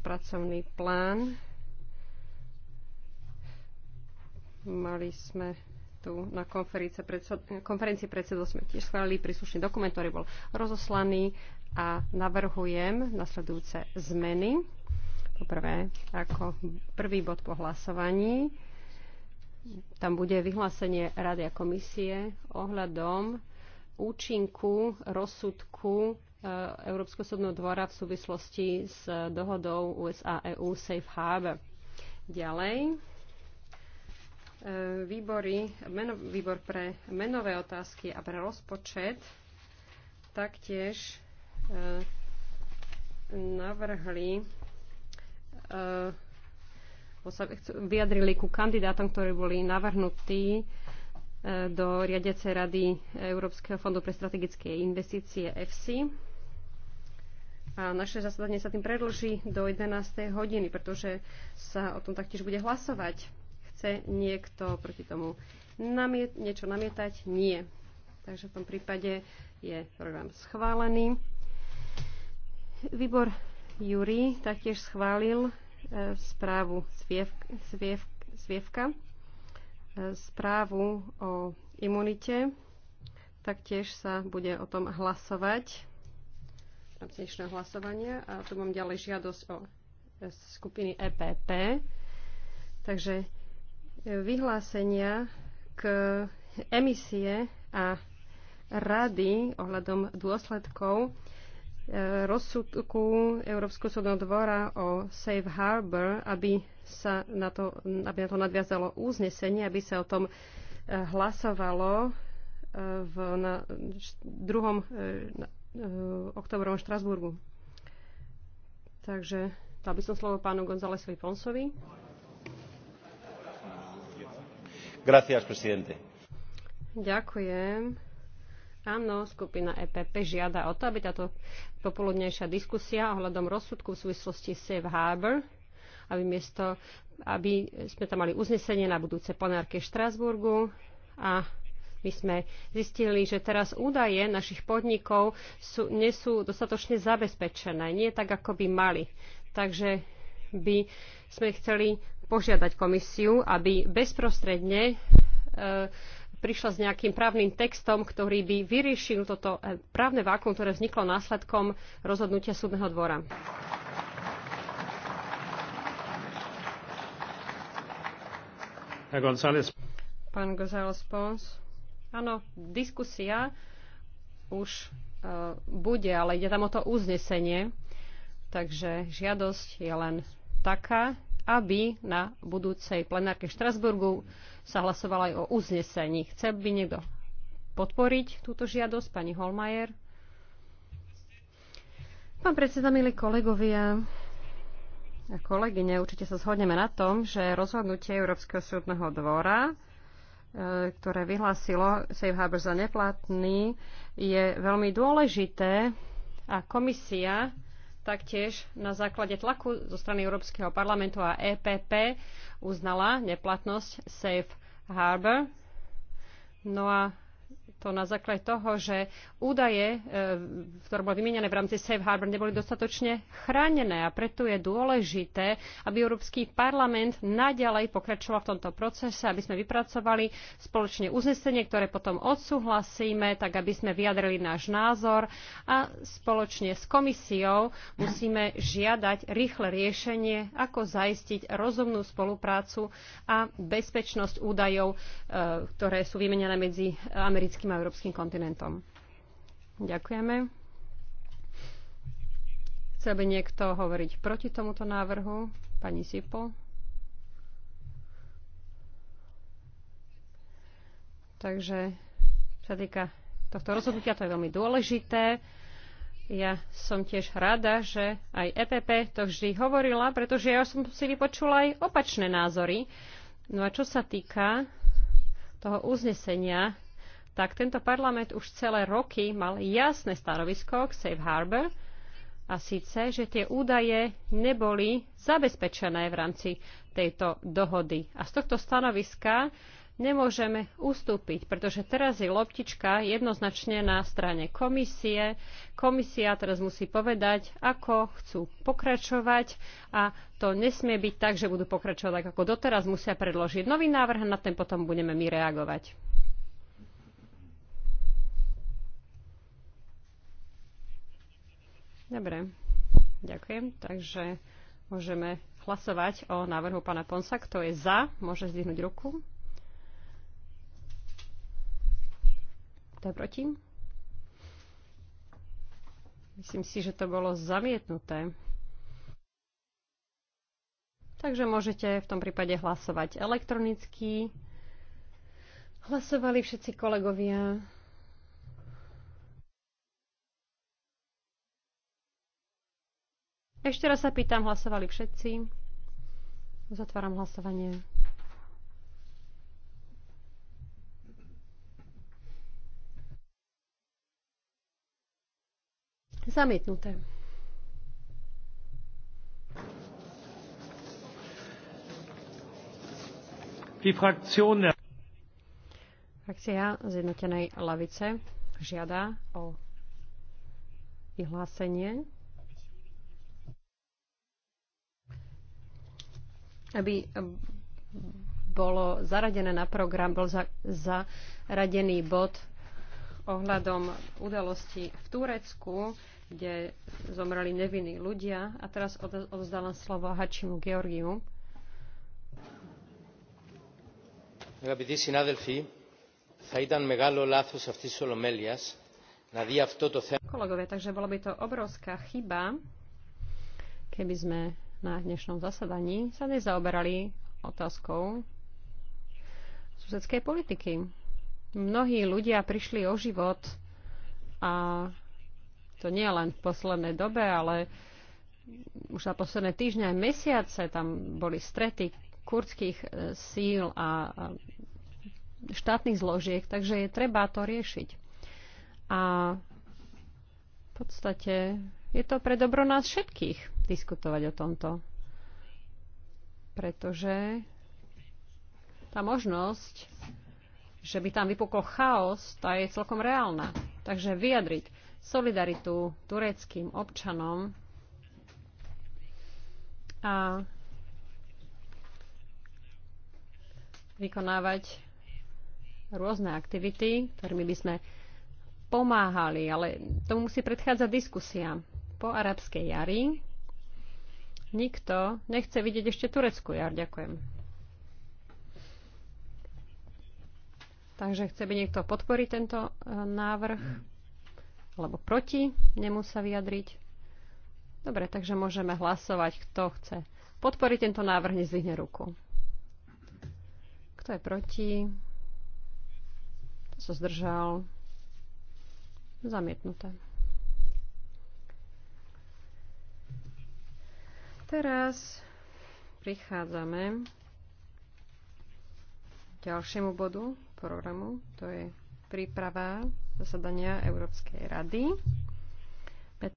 pracovný plán. Mali sme tu na konferencii predsedov, sme tiež schválili príslušný dokument, ktorý bol rozoslaný a navrhujem nasledujúce zmeny. Poprvé, ako prvý bod po hlasovaní, tam bude vyhlásenie Rady a komisie ohľadom účinku rozsudku E, Európskeho súdneho dvora v súvislosti s e, dohodou USA-EU e Safe Harbor. Ďalej, výbory, meno, výbor pre menové otázky a pre rozpočet taktiež e, navrhli, e, vyjadrili ku kandidátom, ktorí boli navrhnutí do riadiacej rady Európskeho fondu pre strategické investície EFSI. A naše zasadanie sa tým predlží do 11. hodiny, pretože sa o tom taktiež bude hlasovať. Chce niekto proti tomu namiet- niečo namietať? Nie. Takže v tom prípade je program schválený. Výbor Júri taktiež schválil e, správu Svievka, správu o imunite. Taktiež sa bude o tom hlasovať v rámci dnešného hlasovania. A tu mám ďalej žiadosť o skupiny EPP. Takže vyhlásenia k emisie a rady ohľadom dôsledkov rozsudku Európskeho súdneho dvora o Safe Harbor, aby, sa na to, aby na to nadviazalo uznesenie, aby sa o tom e, hlasovalo e, v, na 2. E, oktobrovom Štrasburgu. Takže dal by som slovo pánu Gonzalesovi Ponsovi. Gracias, presidente. Ďakujem Áno, skupina EPP žiada o to, aby táto popoludnejšia diskusia ohľadom rozsudku v súvislosti Safe Harbor, aby, miesto, aby sme tam mali uznesenie na budúce plenárke v Štrasburgu a my sme zistili, že teraz údaje našich podnikov sú, nie sú dostatočne zabezpečené, nie tak, ako by mali. Takže by sme chceli požiadať komisiu, aby bezprostredne e, prišla s nejakým právnym textom, ktorý by vyriešil toto eh, právne vákum, ktoré vzniklo následkom rozhodnutia súdneho dvora. Pán González Pons. Áno, diskusia už uh, bude, ale ide tam o to uznesenie. Takže žiadosť je len taká, aby na budúcej plenárke v Štrasburgu sa hlasovalo aj o uznesení. Chce by niekto podporiť túto žiadosť? Pani Holmajer. Pán predseda, milí kolegovia, a kolegyne, určite sa zhodneme na tom, že rozhodnutie Európskeho súdneho dvora, e, ktoré vyhlásilo Safe Harbor za neplatný, je veľmi dôležité a komisia taktiež na základe tlaku zo strany Európskeho parlamentu a EPP uznala neplatnosť Safe Harbor. No a to na základe toho, že údaje, e, ktoré boli vymienené v rámci Safe Harbor, neboli dostatočne chránené a preto je dôležité, aby Európsky parlament naďalej pokračoval v tomto procese, aby sme vypracovali spoločne uznesenie, ktoré potom odsúhlasíme, tak aby sme vyjadrili náš názor a spoločne s komisiou musíme žiadať rýchle riešenie, ako zaistiť rozumnú spoluprácu a bezpečnosť údajov, e, ktoré sú vymenené medzi americkými africkým európskym kontinentom. Ďakujeme. Chcel by niekto hovoriť proti tomuto návrhu? Pani Sipo? Takže, čo sa týka tohto rozhodnutia, to je veľmi dôležité. Ja som tiež rada, že aj EPP to vždy hovorila, pretože ja som si vypočula aj opačné názory. No a čo sa týka toho uznesenia tak tento parlament už celé roky mal jasné stanovisko k Safe Harbor a síce, že tie údaje neboli zabezpečené v rámci tejto dohody. A z tohto stanoviska nemôžeme ustúpiť, pretože teraz je loptička jednoznačne na strane komisie. Komisia teraz musí povedať, ako chcú pokračovať a to nesmie byť tak, že budú pokračovať tak ako doteraz, musia predložiť nový návrh a na ten potom budeme my reagovať. Dobre, ďakujem. Takže môžeme hlasovať o návrhu pána Ponsa. Kto je za, môže zdvihnúť ruku. Kto je proti? Myslím si, že to bolo zamietnuté. Takže môžete v tom prípade hlasovať elektronicky. Hlasovali všetci kolegovia. Ešte raz sa pýtam, hlasovali všetci? Zatváram hlasovanie. Zamietnuté. Frakcia zjednotenej lavice žiada o vyhlásenie aby eh, bolo zaradené na program, bol za, zaradený bod ohľadom udalosti v Turecku, kde zomreli nevinní ľudia. A teraz od, slovo Hačimu Georgiu. Αγαπητοί συνάδελφοι, θα ήταν μεγάλο λάθος αυτής της ολομέλειας να δει αυτό το θέμα. takže bolo by to obrovská chyba, keby sme na dnešnom zasadaní sa nezaoberali otázkou susedskej politiky. Mnohí ľudia prišli o život a to nie len v poslednej dobe, ale už za posledné týždne aj mesiace tam boli strety kurdských e, síl a štátnych zložiek, takže je treba to riešiť. A v podstate je to pre dobro nás všetkých diskutovať o tomto. Pretože tá možnosť, že by tam vypukol chaos, tá je celkom reálna. Takže vyjadriť solidaritu tureckým občanom a vykonávať rôzne aktivity, ktorými by sme pomáhali, ale tomu musí predchádzať diskusia. Po arabskej jari nikto nechce vidieť ešte Turecku. Ja ďakujem. Takže chce by niekto podporiť tento e, návrh alebo proti nemu sa vyjadriť. Dobre, takže môžeme hlasovať, kto chce podporiť tento návrh, nezvihne ruku. Kto je proti? Kto sa zdržal? Zamietnuté. Teraz prichádzame k ďalšiemu bodu programu, to je príprava zasadania Európskej rady.